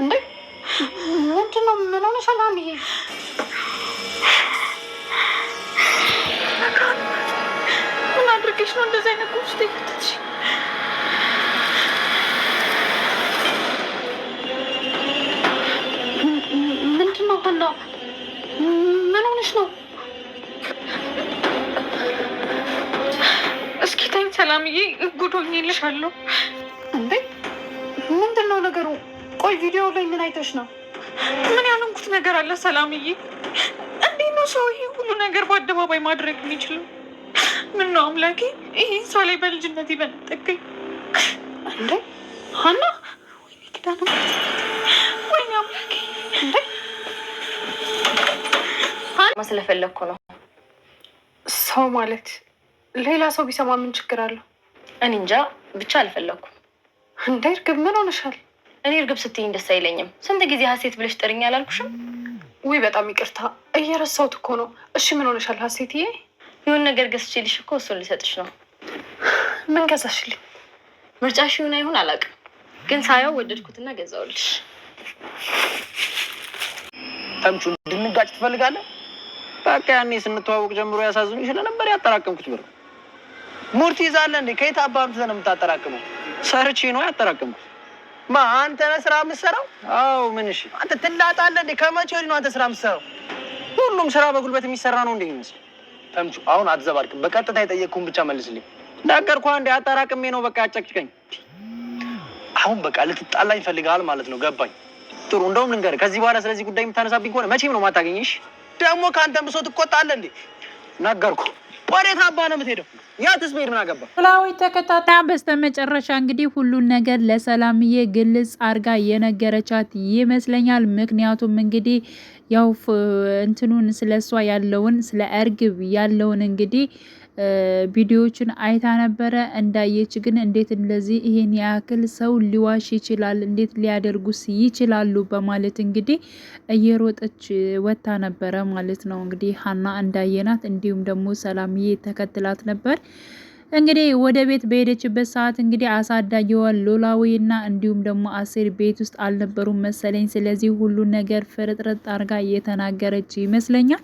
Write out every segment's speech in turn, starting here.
እንዴ ምንድን ነው? ምን ሆነ? ሰላም ምን አድርገሽ ነው እንደዚህ አይነት ውስጥ የከተትሽ? ምንድን ነው ሀና? ምን ሆነሽ ነው? እስኪ ተኝ ሰላምዬ፣ ጉዶኝ እልሻለሁ። ቆይ ቪዲዮ ላይ ምን አይተሽ ነው? ምን ያልንኩት ነገር አለ ሰላምዬ? እንዴ ነው ሰው ይሄ ሁሉ ነገር በአደባባይ ማድረግ የሚችለው? ምን ነው አምላኬ፣ ይህን ሰው ላይ በልጅነት ይበንጠቀኝ እንዴ! ሀና ወይኔ ኪዳነ ወይኔ አምላኬ እንዴ! ስለፈለግኩ ነው። ሰው ማለት ሌላ ሰው ቢሰማ ምን ችግር አለው? እኔ እንጃ ብቻ አልፈለግኩም። እንዴ እርግብ ምን ሆነሻል? እኔ እርግብ ስትይኝ ደስ አይለኝም። ስንት ጊዜ ሀሴት ብለሽ ጥርኝ አላልኩሽም? ውይ በጣም ይቅርታ እየረሳሁት እኮ ነው። እሺ ምን ሆነሻል ሀሴትዬ? ይሁን ነገር ገዝቼልሽ እኮ እሱን ልሰጥሽ ነው። ምን ገዛሽልኝ? ምርጫሽ ይሁን አይሁን አላውቅም፣ ግን ሳየው ወደድኩትና ገዛውልሽ። ተምቹ እንድንጋጭ ትፈልጋለህ? በቃ ያኔ ስንተዋወቅ ጀምሮ ይችለ ነበር ያጠራቀምኩት ብር ሙርት ይዛለ እንዴ? ከየት አባምት የምታጠራቅመው? ሰርቼ ነው ያጠራቀምኩት ማ አንተ ነህ ስራ የምትሰራው? አዎ። ምን? እሺ፣ አንተ ትላጣለህ እንዴ? ከመቼ ወዲህ ነው አንተ ስራ የምትሰራው? ሁሉም ስራ በጉልበት የሚሰራ ነው እንዴ ይመስል? ተምቹ፣ አሁን አትዘባርቅም። በቀጥታ የጠየቅኩህን ብቻ መልስልኝ። ነገርኩህ እንዴ፣ አጠራቅሜ ነው በቃ ያጨቅጭቀኝ። አሁን በቃ ልትጣላኝ ፈልገሃል ማለት ነው። ገባኝ። ጥሩ። እንደውም ልንገርህ፣ ከዚህ በኋላ ስለዚህ ጉዳይ የምታነሳብኝ ከሆነ መቼም ነው ማታገኝሽ። ደግሞ ከአንተ ብሶ ትቆጣለህ እንዴ? ነገርኩህ ወዴት አባ ነው የምትሄደው? ያትስ ምን አገባ ኖላዊ ተከታታ በስተ እንግዲህ ሁሉን ነገር ለሰላምዬ ግልጽ አርጋ የነገረቻት ይመስለኛል። ምክንያቱም እንግዲህ ያው እንትኑን ስለሷ ያለውን ስለ እርግብ ያለውን እንግዲህ ቪዲዮዎችን አይታ ነበረ። እንዳየች ግን እንዴት እንደዚህ ይሄን ያክል ሰው ሊዋሽ ይችላል? እንዴት ሊያደርጉስ ይችላሉ? በማለት እንግዲህ እየሮጠች ወታ ነበረ ማለት ነው። እንግዲህ ሀና እንዳየናት እንዲሁም ደግሞ ሰላምዬ ተከትላት ነበር። እንግዲህ ወደ ቤት በሄደችበት ሰዓት እንግዲህ አሳዳጊዋን ሎላዊና እንዲሁም ደግሞ አሴር ቤት ውስጥ አልነበሩም መሰለኝ። ስለዚህ ሁሉ ነገር ፍርጥርጥ አርጋ እየተናገረች ይመስለኛል።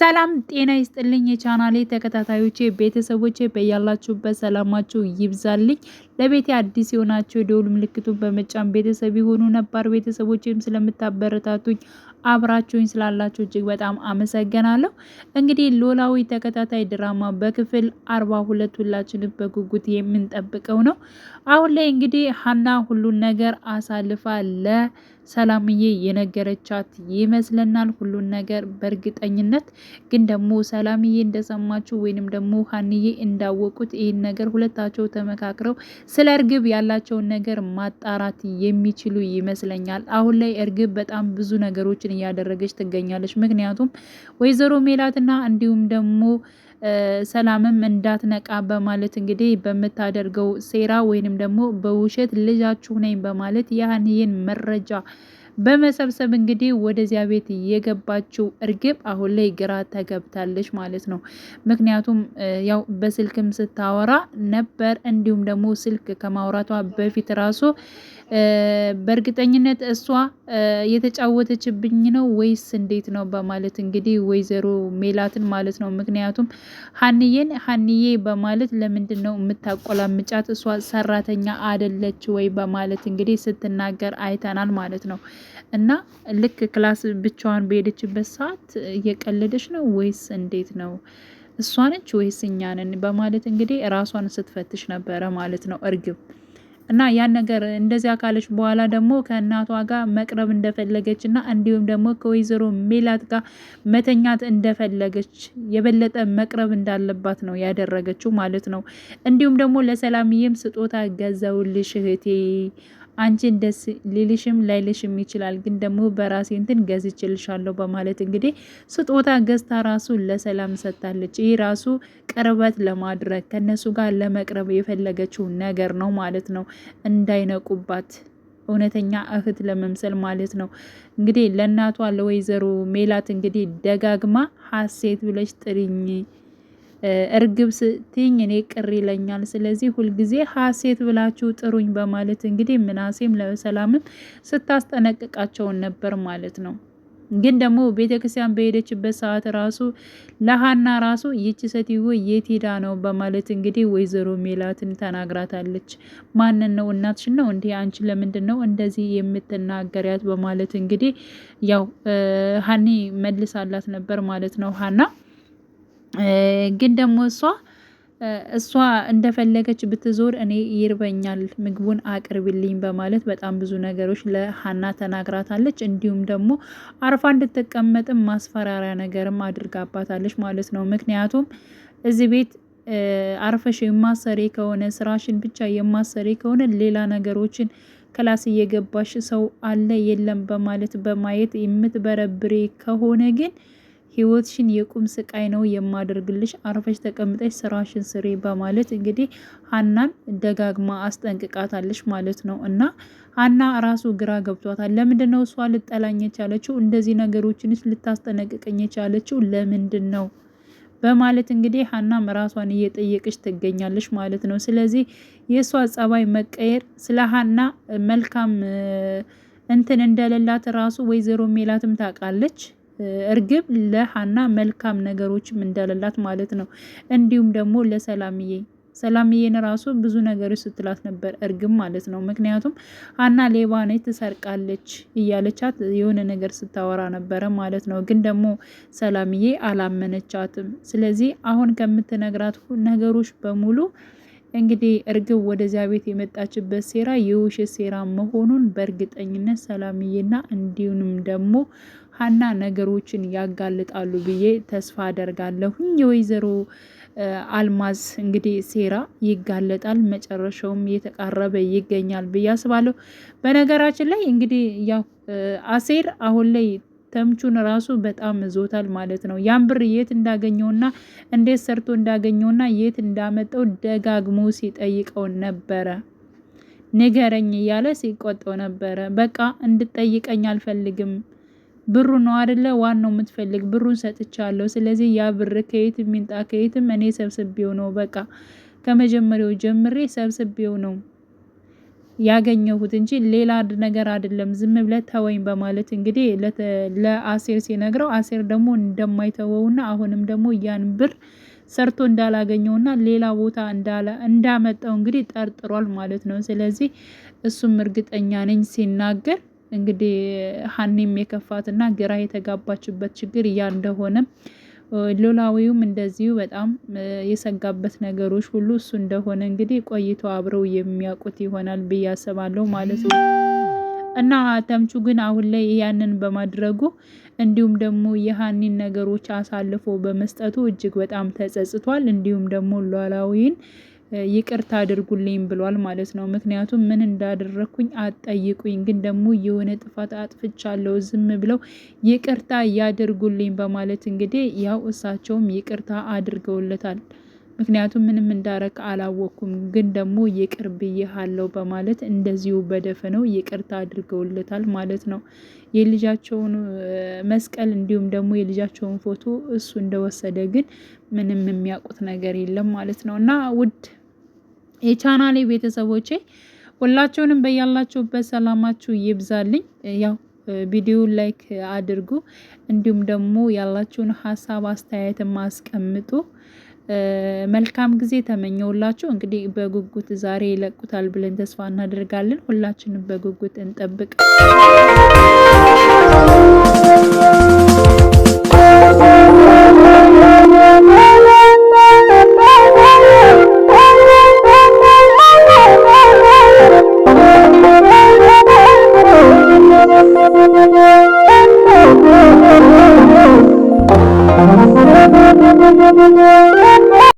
ሰላም ጤና ይስጥልኝ የቻናሌ ተከታታዮቼ ቤተሰቦቼ፣ በያላችሁበት ሰላማችሁ ይብዛልኝ። ለቤቴ አዲስ የሆናችሁ የደውል ምልክቱን በመጫን ቤተሰብ የሆኑ ነባር ቤተሰቦችም ስለምታበረታቱኝ አብራችሁኝ ስላላችሁ እጅግ በጣም አመሰግናለሁ። እንግዲህ ኖላዊ ተከታታይ ድራማ በክፍል አርባ ሁለት ሁላችንም በጉጉት የምንጠብቀው ነው። አሁን ላይ እንግዲህ ሀና ሁሉን ነገር አሳልፋ ለ ሰላምዬ የነገረቻት ይመስለናል ሁሉን ነገር በእርግጠኝነት ግን ደግሞ ሰላምዬ እንደሰማችው ወይንም ደግሞ ሀንዬ እንዳወቁት ይህን ነገር ሁለታቸው ተመካክረው ስለ እርግብ ያላቸውን ነገር ማጣራት የሚችሉ ይመስለኛል። አሁን ላይ እርግብ በጣም ብዙ ነገሮችን እያደረገች ትገኛለች። ምክንያቱም ወይዘሮ ሜላትና እንዲሁም ደግሞ ሰላምም እንዳትነቃ በማለት እንግዲህ በምታደርገው ሴራ ወይንም ደግሞ በውሸት ልጃችሁ ነኝ በማለት ያህንይን መረጃ በመሰብሰብ እንግዲህ ወደዚያ ቤት የገባችው እርግብ አሁን ላይ ግራ ተገብታለች ማለት ነው። ምክንያቱም ያው በስልክም ስታወራ ነበር፣ እንዲሁም ደግሞ ስልክ ከማውራቷ በፊት ራሱ በእርግጠኝነት እሷ የተጫወተችብኝ ነው ወይስ እንዴት ነው በማለት እንግዲህ ወይዘሮ ሜላትን ማለት ነው። ምክንያቱም ሀንዬን ሀንዬ በማለት ለምንድን ነው የምታቆላምጫት? እሷ ሰራተኛ አደለች ወይ በማለት እንግዲህ ስትናገር አይተናል ማለት ነው። እና ልክ ክላስ ብቻዋን በሄደችበት ሰዓት እየቀለደች ነው ወይስ እንዴት ነው እሷ ነች ወይስ እኛ ነን በማለት እንግዲህ ራሷን ስትፈትሽ ነበረ ማለት ነው እርግብ እና ያን ነገር እንደዚያ ካለች በኋላ ደግሞ ከእናቷ ጋር መቅረብ እንደፈለገች እና እንዲሁም ደግሞ ከወይዘሮ ሜላት ጋር መተኛት እንደፈለገች የበለጠ መቅረብ እንዳለባት ነው ያደረገችው ማለት ነው። እንዲሁም ደግሞ ለሰላምዬም ስጦታ ገዛውልሽ እህቴ አንቺን ደስ ሊልሽም ላይልሽም ይችላል፣ ግን ደግሞ በራሴ እንትን ገዝችልሻለሁ በማለት እንግዲህ ስጦታ ገዝታ ራሱ ለሰላም ሰጥታለች። ይህ ራሱ ቅርበት ለማድረግ ከነሱ ጋር ለመቅረብ የፈለገችው ነገር ነው ማለት ነው። እንዳይነቁባት እውነተኛ እህት ለመምሰል ማለት ነው። እንግዲህ ለእናቷ ለወይዘሮ ሜላት እንግዲህ ደጋግማ ሀሴት ብለሽ ጥሪኝ እርግብ ስትኝ እኔ ቅር ይለኛል። ስለዚህ ሁልጊዜ ሀሴት ብላችሁ ጥሩኝ በማለት እንግዲህ ምናሴም ለሰላምም ስታስጠነቅቃቸውን ነበር ማለት ነው። ግን ደግሞ ቤተክርስቲያን በሄደችበት ሰዓት ራሱ ለሀና ራሱ ይቺ ሴትዮ የት ሄዳ ነው በማለት እንግዲህ ወይዘሮ ሜላትን ተናግራታለች። ማንን ነው? እናትሽ ነው እንዲህ አንቺ ለምንድን ነው እንደዚህ የምትናገሪያት? በማለት እንግዲህ ያው ሀኒ መልሳላት ነበር ማለት ነው ሀና ግን ደግሞ እሷ እሷ እንደፈለገች ብትዞር እኔ ይርበኛል ምግቡን አቅርብልኝ በማለት በጣም ብዙ ነገሮች ለሀና ተናግራታለች። እንዲሁም ደግሞ አርፋ እንድትቀመጥም ማስፈራሪያ ነገርም አድርጋባታለች ማለት ነው። ምክንያቱም እዚህ ቤት አርፈሽ የማሰሪ ከሆነ ስራሽን ብቻ የማሰሪ ከሆነ ሌላ ነገሮችን ክላስ እየገባሽ ሰው አለ የለም በማለት በማየት የምትበረብሬ ከሆነ ግን ህይወትሽን የቁም ስቃይ ነው የማደርግልሽ፣ አርፈሽ ተቀምጠሽ ስራሽን ስሬ በማለት እንግዲህ ሀናን ደጋግማ አስጠንቅቃታለች ማለት ነው። እና ሀና ራሱ ግራ ገብቷታል። ለምንድን ነው እሷ ልጠላኝ የቻለችው? እንደዚህ ነገሮችንስ ልታስጠነቅቀኝ የቻለችው ለምንድን ነው በማለት እንግዲህ ሀናም ራሷን እየጠየቀች ትገኛለች ማለት ነው። ስለዚህ የእሷ ጸባይ መቀየር ስለ ሀና መልካም እንትን እንደሌላት ራሱ ወይዘሮ ሜላትም ታውቃለች። እርግብ ለሀና መልካም ነገሮችም እንዳለላት ማለት ነው። እንዲሁም ደግሞ ለሰላምዬ ሰላምዬን ራሱ ብዙ ነገሮች ስትላት ነበር እርግም ማለት ነው። ምክንያቱም ሀና ሌባ ነች፣ ትሰርቃለች እያለቻት የሆነ ነገር ስታወራ ነበረ ማለት ነው። ግን ደግሞ ሰላምዬ አላመነቻትም። ስለዚህ አሁን ከምትነግራት ነገሮች በሙሉ እንግዲህ እርግብ ወደዚያ ቤት የመጣችበት ሴራ የውሸት ሴራ መሆኑን በእርግጠኝነት ሰላምዬና እንዲሁንም ደግሞ ሀና ነገሮችን ያጋልጣሉ ብዬ ተስፋ አደርጋለሁኝ። የወይዘሮ አልማዝ እንግዲህ ሴራ ይጋለጣል፣ መጨረሻውም እየተቃረበ ይገኛል ብዬ አስባለሁ። በነገራችን ላይ እንግዲህ ያው አሴር አሁን ላይ ተምቹን ራሱ በጣም እዞታል ማለት ነው። ያን ብር የት እንዳገኘውና እንዴት ሰርቶ እንዳገኘውና የት እንዳመጣው ደጋግሞ ሲጠይቀው ነበረ። ንገረኝ እያለ ሲቆጠው ነበረ። በቃ እንድጠይቀኝ አልፈልግም። ብሩ ነው አይደለ ዋናው የምትፈልግ፣ ብሩን ሰጥቻለሁ። ስለዚህ ያ ብር ከየት የሚንጣ ከየትም እኔ ሰብስቤው ነው በቃ ከመጀመሪያው ጀምሬ ሰብስቤው ነው ያገኘሁት እንጂ ሌላ ነገር አይደለም፣ ዝም ብለ ተወኝ በማለት እንግዲህ ለአሴር ሲነግረው አሴር ደግሞ እንደማይተወውና አሁንም ደግሞ ያን ብር ሰርቶ እንዳላገኘውና ሌላ ቦታ እንዳመጣው እንግዲህ ጠርጥሯል ማለት ነው። ስለዚህ እሱም እርግጠኛ ነኝ ሲናገር እንግዲህ ሀኒም የከፋትና ግራ የተጋባችበት ችግር ያ እንደሆነም ሎላዊውም እንደዚሁ በጣም የሰጋበት ነገሮች ሁሉ እሱ እንደሆነ እንግዲህ ቆይቶ አብረው የሚያውቁት ይሆናል ብዬ አስባለሁ ማለት ነው። እና ተምቹ ግን አሁን ላይ ያንን በማድረጉ እንዲሁም ደግሞ የሀኒን ነገሮች አሳልፎ በመስጠቱ እጅግ በጣም ተጸጽቷል። እንዲሁም ደግሞ ሎላዊን ይቅርታ አድርጉልኝ ብሏል ማለት ነው። ምክንያቱም ምን እንዳደረግኩኝ አጠይቁኝ፣ ግን ደግሞ የሆነ ጥፋት አጥፍቻለሁ፣ ዝም ብለው ይቅርታ ያድርጉልኝ በማለት እንግዲህ ያው እሳቸውም ይቅርታ አድርገውለታል። ምክንያቱም ምንም እንዳረክ አላወቅኩም፣ ግን ደግሞ ይቅር ብዬሃለሁ በማለት እንደዚሁ በደፈነው ይቅርታ አድርገውለታል ማለት ነው። የልጃቸውን መስቀል እንዲሁም ደግሞ የልጃቸውን ፎቶ እሱ እንደወሰደ ግን ምንም የሚያውቁት ነገር የለም ማለት ነው እና ውድ የቻናሌ ቤተሰቦቼ ሁላችሁንም በያላችሁበት ሰላማችሁ ይብዛልኝ። ያው ቪዲዮ ላይክ አድርጉ፣ እንዲሁም ደግሞ ያላችሁን ሀሳብ አስተያየትም ማስቀምጡ። መልካም ጊዜ ተመኘውላችሁ። እንግዲህ በጉጉት ዛሬ ይለቁታል ብለን ተስፋ እናደርጋለን። ሁላችንም በጉጉት እንጠብቅ።